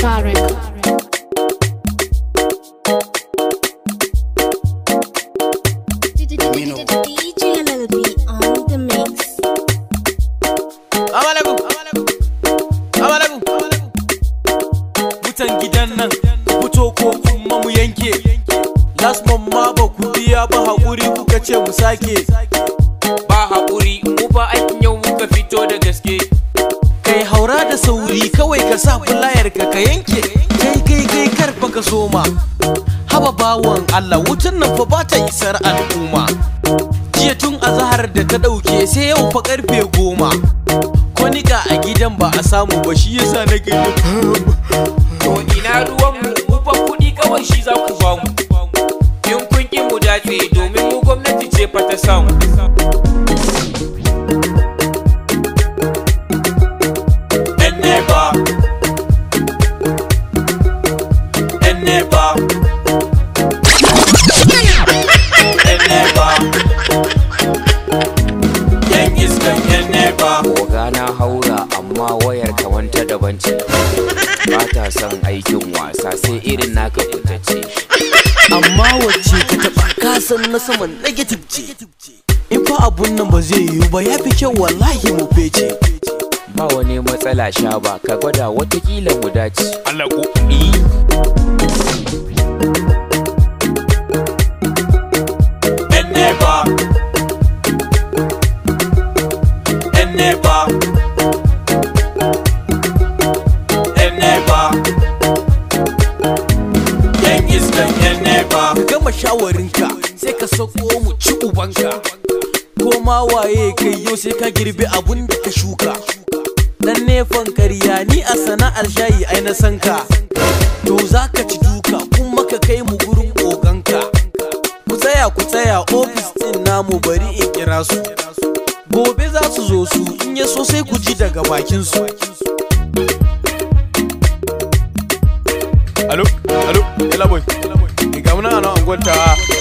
Tarek. gidan nan fito ko kuma mu yanke last ma ba ku biya ba haƙuri kuka ce mu sake ba haƙuri mu ba aikin yau muka fito da gaske ɗora da sauri kawai ka sa fulayar ka ka yanke kai kai kai karfa ka soma haba bawan Allah wutan nan fa bata isar al'umma jiya tun azahar da ta ɗauke sai yau fa karfe goma kwanika a gidan ba a samu ba shi yasa na gani to ina ruwan mu uban kuɗi kawai shi za ku ba mu in kun ki mu dace domin mu gwamnati ce fa ta samu ma wayar ka wanta daban ce ba ta son aikin wasa sai irin naka fitacce amma wacce ka taba kasan na saman negative ce in fa abun nan ba zai yiwu ba ya fi kyau wallahi mu fece ba wani matsala sha ba ka gwada watakila mu dace shawarinka sai ka sako mu ci ubanka ko ma waye kai yau sai ka girbi abun da ka shuka dan nefan karya ni a sana'ar shayi ai na san to za ka ci duka kuma ka kai mu gurin oganka ku tsaya ku tsaya ofis din namu bari in kira su gobe za su zo su in ya so sai ku ji daga bakin su alo alo yalla boy mna nongota